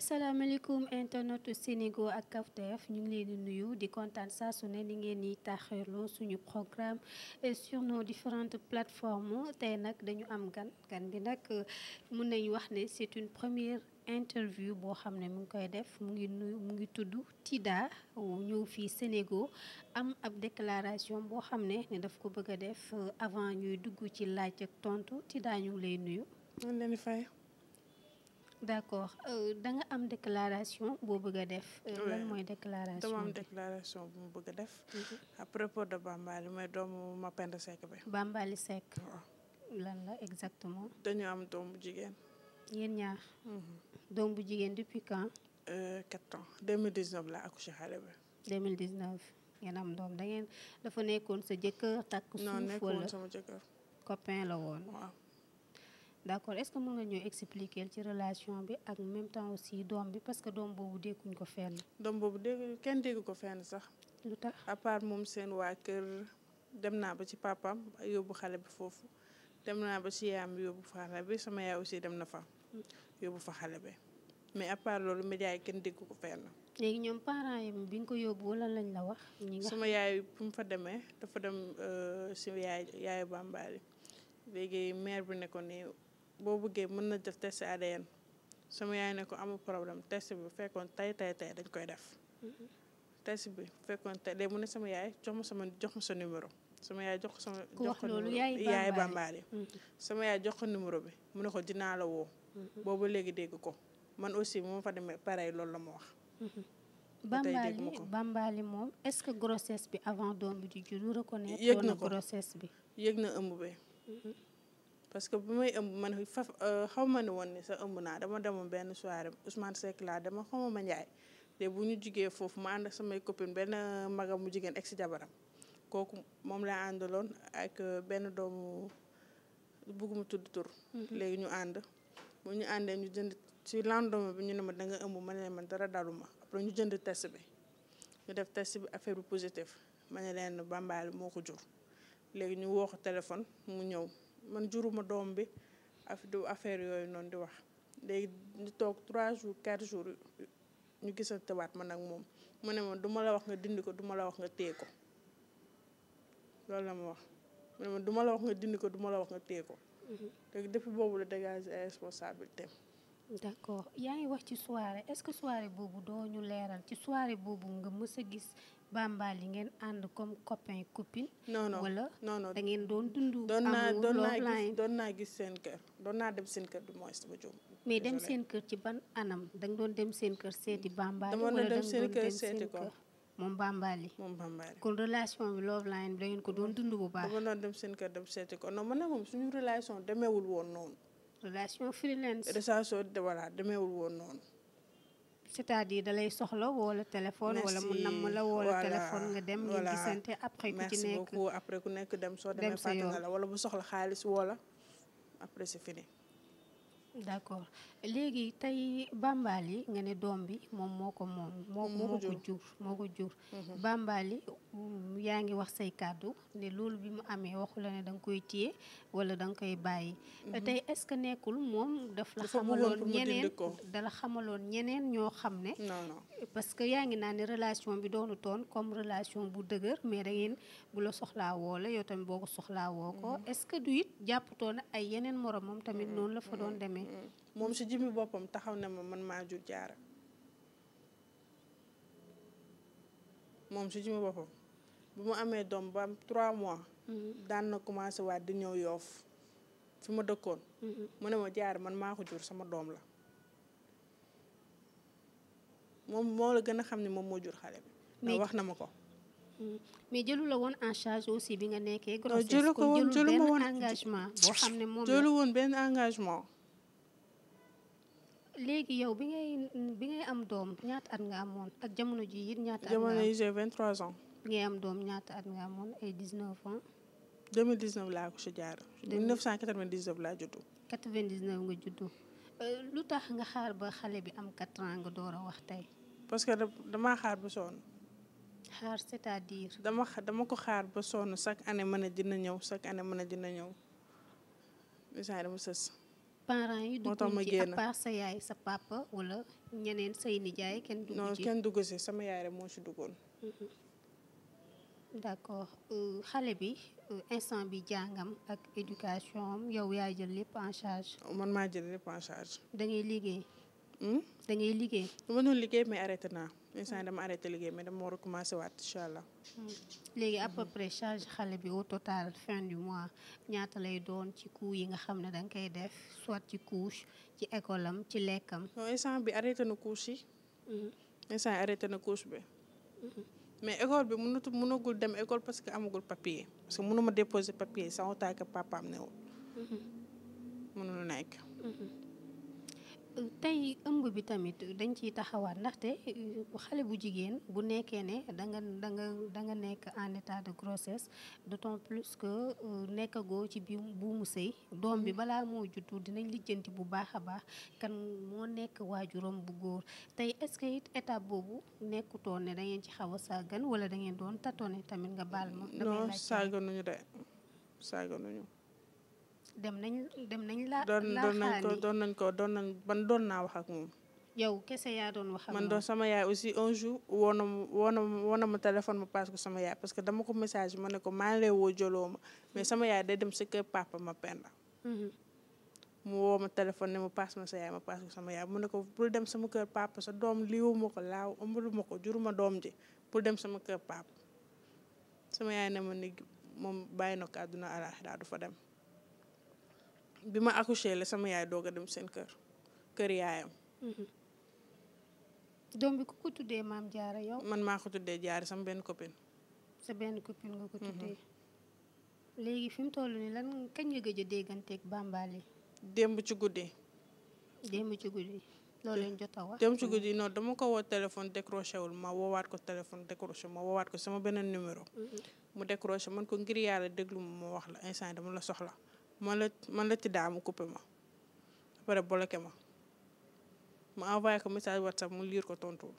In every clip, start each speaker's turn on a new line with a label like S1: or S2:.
S1: asalaamaaleykum internetu Sénégo ak Kawtef ñu ngi leen di nuyu di kontaan saa su ne ni ngeen di taaxirloo suñu programme euh, sur nos différentes plateforme tey nag dañu am gan gan bi nag euh, mun nañu wax ne c'est une première interview boo xam ne mu ngi koy def mu ngi nuyu mu ngi tudd Tida ñëw fii Sénégal am ab déclaration boo xam ne ne daf ko bëgg a def euh, avant ñuy dugg ci laaj ak tontu Tida ñu ngi lay nuyu. d' accord euh, da am déclaration boo bëgg a def. Euh, lan mooy déclaration dama am
S2: déclaration bu mu bëgg def. Mhm. à propos de Bambaly mooy doomu Mapenda Seck bi.
S1: Bambaly Seck. lan la exactement.
S2: dañu am doom bu jigéen.
S1: yéen ñaar. Mhm. doom bu jigéen depuis quand.
S2: Euh, quatre ans 2019 la accouché xale bi.
S1: 2019 ngeen am doom da ngeen dafa nekkoon sa jëkkër takk. suuf wala sama jëkkër. copain la woon. d' accord est ce que mën nga ñëw expliquer ci relation bi ak même temps aussi doom bi parce que doom boobu dégguñ ko fenn.
S2: doom boobu dégg kenn déggu ko fenn sax. lu tax à part moom seen waa kër dem naa ba ci papaam yóbbu xale bi foofu dem naa ba ci yaayam yóbbu fa xale bi sama yaay aussi dem na fa. yóbbu fa xale bi mais à part loolu média yi kenn déggu ko fenn.
S1: léegi ñoom parents bi nga ko yóbbu lan lañ la wax. ñi sama
S2: yaay bu mu fa demee dafa dem si euh, yaay yaayu bàmbaali léegi mère bi ne ko nii. boo bëggee mën na def test ADN sama yaay ne ko amul problème test bi bu fekkoon tey tey tey dañ koy def test bi fekkoon tey de mun ne sama yaay jox ma sama jox ma sa numéro sama yaay jox ko sama jox ko numéro mm-hmm. sama yaay jox ko numéro bi mu ne ko dinaa la woo mm-hmm. boobu léegi dégg ko man aussi moom fa demee pareil loolu la ma wax mm-hmm.
S1: bambaali bambaali moom est-ce que grossesse bi avant doom bi di juddu reconnaître yëg na grossesse
S2: bi yëg na ëmb bi parce que bu may ëmb man fa euh, xaw ma ne woon ni sa ëmb naa dama demoon benn soirée Ousmane Seck laa dama xaw ma Ndiaye bu ñu jugee foofu ma ànd samay copine benn magam mu jigéen si jabaram kooku moom laa àndaloon ak euh, benn doomu bugguma tudd tur. Mm-hmm. léegi ñu ànd bu ñu àndee ñu jënd ci lendemain bi ñu ne ma da nga ëmb ma ne man dara dalu ma après ñu jënd test bi ñu def test bi affaire bu positif ma ne leen Bambaly moo ko jur léegi ñu woo téléphone mu ñëw. man juruma doom bi af du affaire yooyu noonu di wax léegi ñu toog trois jours quatre jours ñu gisante waat man ak moom mu ne ma du ma la wax nga dindi ko du wax nga téye ko loolu la wax mu ne ma du la wax nga dindi ko duma la wax nga téye ko mm-hmm. léegi depuis boobu la dégager ay responsabilité
S1: d'accord yaa ngi wax ci soirée est-ce que soirée boobu doo ñu leeral ci soirée boobu nga mës a gis bambal yi ngeen ànd comme copain copine. non
S2: non wala da ngeen doon dund. doon naa doon naa gis doon naa gis seen kër doon naa dem seen kër du moins ba jóg. mais dem seen
S1: kër ci ban anam da nga doon dem seen kër seeti bambal. wala da nga doon dem seen kër moom
S2: bambal yi. moom bambal yi kon relation bi love line bi da ngeen ko doon dund bu baax. dama doon dem seen kër dem seeti ko non man nag moom suñu relation demeewul woon noonu. relation freelance. relation voilà demeewul woon noonu.
S1: c'est-à-dire da lay soxla wala téléphone. wala mu namm la wala téléphone nga dem. nga gisante après ku ci nekk
S2: ku nekk dem soo demee fàtte nga la wala mu soxla xaalis wala après c'est fini.
S1: d'accord léegi tey Bambaly nga ne doom bi moom moo ko moom. moo moo ko jur moo ko jur. Mhm. Bambaly yaa ngi wax say kàddu ne loolu bi mu amee waxu la ne da koy téye wala danga koy bàyyi. Mhm. tey est-ce que nekkul moom daf la xamaloon ñeneen dala xamaloon ñeneen ñoo xam ne. parce que yaa ngi naa ne relation bi doonu toon comme relation bu dëgër mais da ngeen bu la soxlaa
S2: woo la yow tamit boo ko soxlaa woo ko mm-hmm.
S1: est-ce que du it jàppatoon ay yeneen moromam tamit mm-hmm. noonu la fa
S2: doon mm-hmm. demee moom si jimmi boppam taxaw na ma man maa jur jaara moom si jimi boppam bu mu amee doom ba trois mois daan na commencé waat di ñëw yoof su ma dëkkoon mu ne ma jaar man maa ko jur sama doom la moom moo la gën a xam ne moom moo jur xale bi. wax na ma ko.
S1: Mm. mais jëlu la woon en charge aussi bi nga nekkee. grossesse jëlu ko woon jëlu ma woon engagement
S2: boo xam ne moom jëlu woon benn engagement.
S1: léegi yow bi ngay bi ngay am doom ñaata at nga amoon ak jamono ji it ñaata at nga jamono yi j'ai
S2: 23 ans.
S1: bi ngay am doom ñaata at nga amoon ay 19
S2: ans. 2019 laa ko si jaar. 1999 laa juddu.
S1: 99
S2: nga juddu. lu tax nga xaar ba xale bi am 4 nga door a wax tey. parce que dama xaar ba sonn. xaar cest diir dire dama dama ko xaar ba sonn chaque année mën a dina ñëw chaque année mën a dina ñëw. instant dama sës.
S1: parent yi dugg ci à sa yaay sa papa wala ñeneen say nijaay kenn dugg ci. non
S2: dugg ci sama yaay rek moo ci duggoon.
S1: d'accord euh, xale bi euh, instant bi jàngam ak éducation am yow yaa jël lépp en charge. man maa
S2: jël lépp en charge. da liggéey. Hmm? da liggéey. du ma doon liggéey mais arrêté na instant dama arrêté liggéey mais dama war a commencé waat incha allah. Hmm.
S1: léegi à peu près charge xale bi au total fin du mois ñaata lay doon ci coût yi nga xam ne da nga koy def soit ci
S2: couche ci école am ci lekkam. instant bi arrêté na couche yi. Hmm. instant arrêté na couche bi. mais école bi mënatu mënagul dem école parce que amagul papier parce que ma déposer papier sans que papaam newul mhm. mënul nekk
S1: tey ëmb bi tamit dañ ciy taxawaat ndaxte euh, xale bu jigéen bu nekkee ne da nga da da nga nekk en état de grossesse d'autant plus que euh, nekkagoo ci bi buumu sëy doom bi mm-hmm. balaa moo juddu dinañ lijjanti bu baax a baax kan moo nekk waajuram bu góor tey est-ce que it étape boobu nekkutoon ne da ngeen ci xaw a sàggan wala da ngeen doon tatoone tamit nga baal ma. damay laaj non
S2: sàgganuñu de sàgganuñu
S1: dem nañ dem nañ la laaxaani
S2: doon nañ ko doon nañ man doon naa wax ak moom.
S1: yow kese yaa doon wax ak man doon
S2: sama yaay aussi un jour woo na ma woo ma woo na paas ko sama yaay parce que dama ko message ma ne ko maa woo joloo mais sama yaay day dem sa kër papa ma penda. Mhm. mu woo ma ma paas sa yaay ma paas ko sama yaay mu ne ko bul dem sama kër papa doom liiwu ma ko laaw ëmbalu ma ko juruma doom ji bul dem sama kër papa sama yaay ne ma ni moom bàyyi na ko àdduna du fa dem. bi ma accouché la sama yaay doog a dem seen kër kër yaayam.
S1: Mhm. doom bi ku ko tuddee maam jaara yow. man maa
S2: ko tuddee jaara sama benn copine.
S1: sa benn copine nga ko mhm. tuddee. léegi fi mu toll nii lan kañ nga gëj a dégganteeg bambali.
S2: démb ci guddi.
S1: démb ci guddi. loolu lañ jot a wax. démb ci guddi
S2: mhm. non dama ko woo téléphone décroché wul ma woowaat ko téléphone décroché ma woowaat ko sama beneen numéro. mu décroché man ko ngir yàlla déglu ma wax la instant dama la soxla. man la man la ci daa mu ma après bloqué ma ma envoyé ko message WhatsApp mu liir ko tontuwul.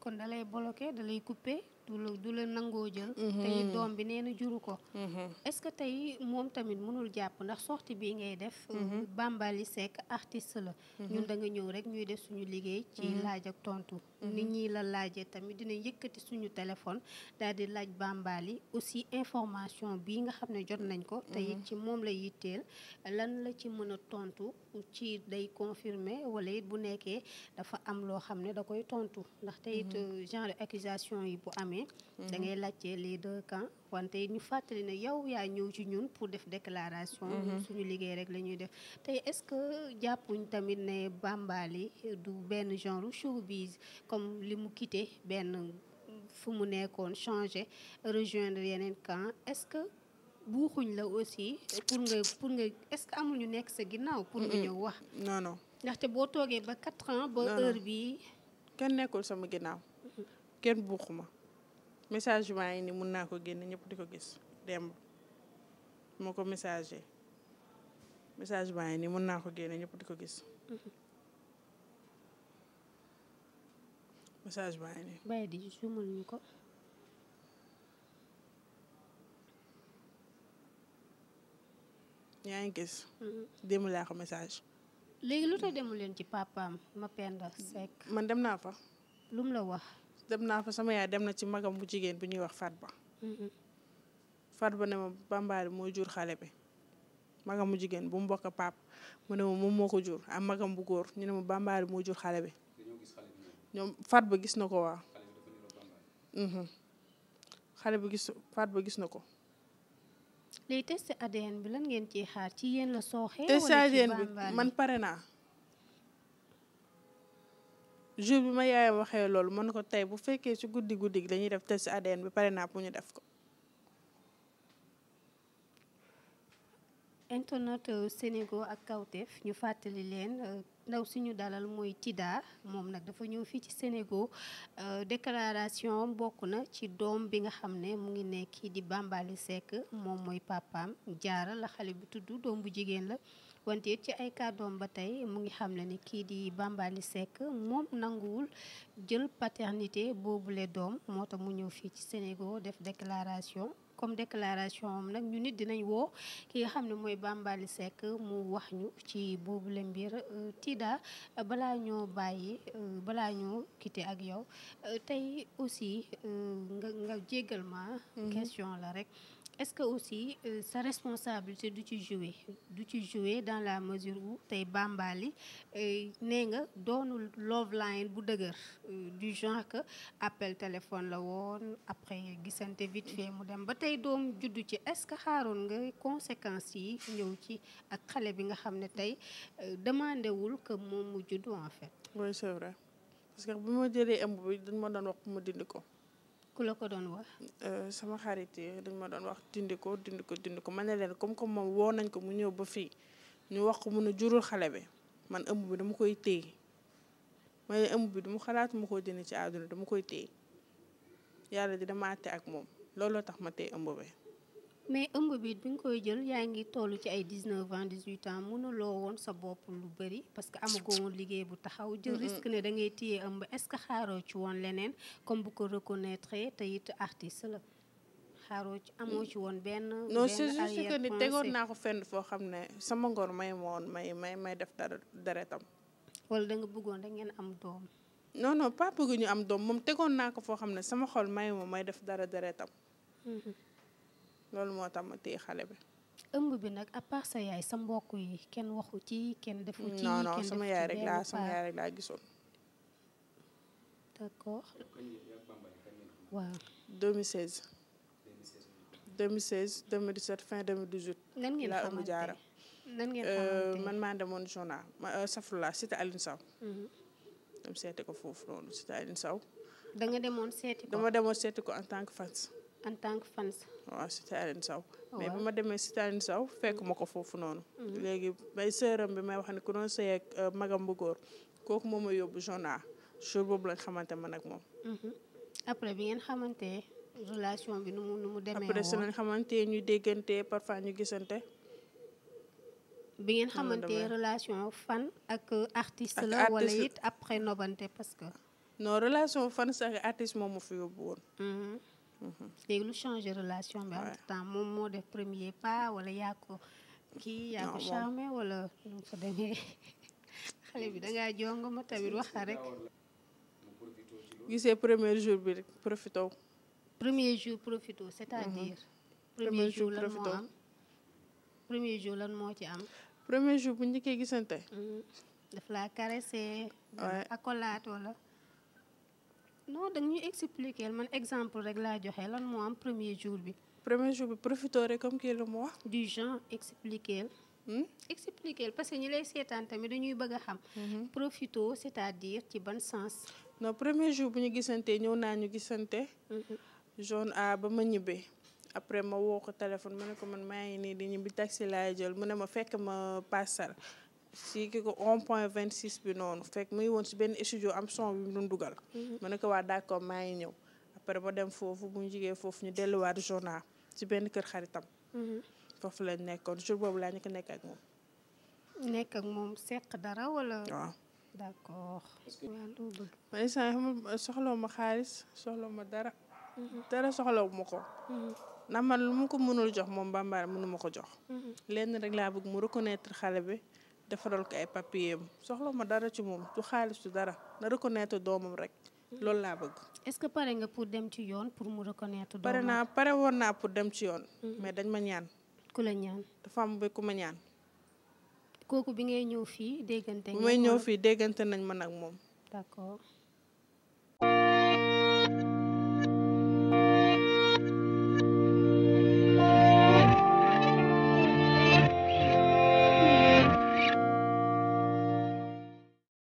S1: kon da lay bloqué da lay coupé du la du la nangoo jël. Mhm. tey doom bi nee juru ko. Mhm. est-ce que tey moom tamit mënul jàpp ndax sortie bii ngay def. Euh, mhm. Bambaly Seck artiste la. ñun da nga ñëw rek ñuy def suñu liggéey. ci laaj ak tontu. nit ñi la laajee tamit dina yëkkati suñu téléphone daal di laaj Bambaly aussi information bii nga xam ne jot nañ ko. te ci moom la yitteel lan la ci mën a tontu ci day confirmer wala it bu nekkee dafa am loo xam ne da koy tontu ndax te euh, genre accusation yi bu amee. amee. Mhm. da ngay laajte les deux wante ñu fàttali ne yow yaa ñëw ci ñun pour def déclaration. Mhm. suñu liggéey rek la ñuy def te est-ce que jàppuñ tamit ne Bambaly du benn genre showbiz comme li mu quitté benn fu mu nekkoon changé rejoindre yeneen camp est-ce que. buuxuñ la aussi pour nga pour nga est-ce que amul ñu nekk sa ginnaaw. pour nga ñëw wax. non ndaxte boo toogee ba quatre ans.
S2: ba heure bii. kenn nekkoon sama ginnaaw. kenn buuxu message maa ngi nii mun naa ko génne ñëpp di ko gis démb moo ko message message maa ngi nii mun naa ko génne ñëpp di ko gis. message baa ngi nii. bàyyi di suumal ñu ko. yaa ngi gis. Mm-hmm. démb laa ko message.
S1: léegi lu tax demu leen ci papam ma Penda Seck. man dem naa fa. lum la wax.
S2: dem naa fa sama yaay dem na ci magam bu jigéen bu ñuy wax Fatba. Fatba ne ma bambaali moo jur xale bi magam bu jigéen bu mu bokk paap mu ne ma moom moo ko jur am magam bu góor ñu ne ma bambaali moo jur xale bi. ñoom ba gis na ko waaw. xale bi mm-hmm. gis ba gis na ko.
S1: léegi test ADN bi lan ngeen ciy xaar ci yéen la sooxee. wala ci bi man
S2: pare naa. jour bi ma yaayam waxee loolu mën ko tey bu fekkee ci guddi guddi gi dañuy def test ADN bi pare naa pour ñu def ko.
S1: internet Sénégo ak Kawtef ñu fàttali leen euh, ndaw suñu dalal mooy Tida moom nag dafa ñëw fii ci Sénégo euh, déclaration bokk na ci doom bi nga xam ne mu ngi nekk di Bambaly Seck moom mooy papaam jaaral la xale bi tudd doom bu jigéen la. wante ci ay kàddoom ba tey mu ngi xam ne ni kii di Bambaly Seck moom nanguwul jël paternité boobule doom moo tax mu ñëw fii ci sénégo def déclaration comme déclaration am nag ñu nit dinañ woo ki nga xam ne mooy Bambaly Seck mu wax ñu ci boobu boobule mbir euh, Tida balaa ñoo bàyyi euh, balaa ñoo quitté ak yow euh, tey aussi nga nga jéggal ma mm-hmm. question la rek est-ce que aussi euh, sa responsabilité du ci jouer du ci jouer dans la mesure où tey Bambaly euh, nee nga doonul love line bu dëgër euh, du genre que appel téléphone la woon après gisante vite fait mu dem ba tey doom juddu ci est-ce que xaaroon nga conséquence yi ñëw ci ak xale bi nga xam ne tey
S2: euh, demandé wul que moom mu juddu en fait. oui c'est vrai parce que bu ma jëlee ëmb bi dañ ma doon wax mu dindi ko. ku la ko doon wax. Euh, sama xarit yi dañ ma doon wax dindi koo dindi ko dindi ko ma ne leen comme comme moom woo nañ ko mu ñëw ba fii ñu wax ko mun a jurul xale bi man ëmb bi dama koy téye ma ne ëmb bi du mu xalaat ko dindi ci àdduna dama koy téye yàlla di dama àtte ak moom looloo tax ma téye ëmb bi.
S1: mais ëmb biit bi nga koy jël yaa ngi toll ci ay 19 ans 18 ans mënuloo woon sa bopp lu bari parce que amagoo woon liggéey bu taxaw jël risque ne da ngay téye ëmb est-ce que xaaroo ci woon leneen comme bu ko reconnaître te it artiste la
S2: xaaroo ci amoo ci woon benn mm. non c'est juste tegoon naa ko fenn foo xam ne sama ngor may woon may may may def dara deretam
S1: wala da nga bëggoon da ngeen am doom
S2: non non pas bëgg ñu am doom moom tegoon naa ko foo xam ne sama xol may may def dara deretam mm-hmm. loolu moo tax ma téye xale bi.
S1: ëmb bi nag à sa yaay sa mbokk yi kenn waxu
S2: ci kenn defu ci non non sama yaay rek laa sama yaay laa gisoon. d'accord. waaw. 2016. 2016 2017 fin 2018. nan ngeen xamante laa ëmb jaara. nan ngeen euh, xamante man maa demoon journal ma euh, safrula cité alin Sow. Mhm. dem seeti ko foofu noonu cité Aline Sow.
S1: da nga demoon seeti ko dama demoon
S2: seeti ko en tant que fans. en tant que fans. waaw cité Aline Sow oh, mais ba ma demee cité Aline Sow fekk ma ko foofu noonu. Mm-hmm. léegi bay sëram bi may wax ni ku doon sëy ak euh, magam bu góor kooku moo ma yóbbu Jona jour boobu lañ xamante man ak moom.
S1: Mm-hmm. après bi ngeen xamante relation bi nu mu nu mu demee après si lañ
S2: xamante ñu déggante parfois ñu gisante. bi ngeen xamante
S1: relation fan ak artiste la. wala it après nobante parce que.
S2: non relation fan sax artiste moom ma fi yóbbu woon. Mm-hmm. Mhm. léegi lu changé relation bi
S1: entre temps moom moo def premier pas wala yaa ko kii yaa ko charmé wala nu fa demee xale bi dangaa jongo ma tamit wax rek
S2: gisee premier jour bi rek profito
S1: premier jour profito c'est-à-dire mhm. premier jour lan moo am premier jour lan moo ci am premier jour bu njëkkee gisante mhm. daf laa caressé accolade wala non dañuy expliquer man exemple rek laa joxe lan moo am premier jour bi. premier jour bi profité rek comme kii la mu wax. du genre expliquer. Hmm? expliquer parce que ñi lay seetaan tamit dañuy bëgg a xam. Mm-hmm. profité c'est-à-dire ci ban sens.
S2: non premier jour bu ñu gisante ñëw naa ñu gisante. jaune mm-hmm. a ba ma ñibbee. après ma woo ko téléphone ma ne ko man maa ngi nii di ñibbi taxi laay jël mu ne ma fekk ma pasal si ki ko rond point vingt six bi noonu fekk mu ngi si benn studio am son bi mu doon dugal mhm. ma ne ko waa d'accord maa ngi ñëw après ba dem foofu bu ñu jigee foofu ñu delluwaat journal si benn kër xaritam mhm. foofu lañ nekkoon jour boobu laa ñu ko nekk ak moom nekk ak moom seq dara wala waaw d'accord man xam soxlaw ma xaalis soxlaw ma dara mhm. dara soxlaw ma ko ndax man lu ma ko mënul jox moom bambara mënu ma ko jox lenn rek laa bëgg mu reconnaître xale bi defaral ko ay papier soxla ma dara ci moom du xaalis du dara na reconnaître doomam rek loolu laa bëgg.
S1: est-ce que pare nga pour dem ci yoon pour mu reconnaître. doomam pare naa
S2: pare woon naa pour dem ci yoon. mais dañ ma ñaan. ku la ñaan dafa am ba ku ma ñaan. kooku bi
S1: ngay ñëw fii déggante. bi may ñëw fii
S2: déggante nañ ma nag moom.
S1: d'accord.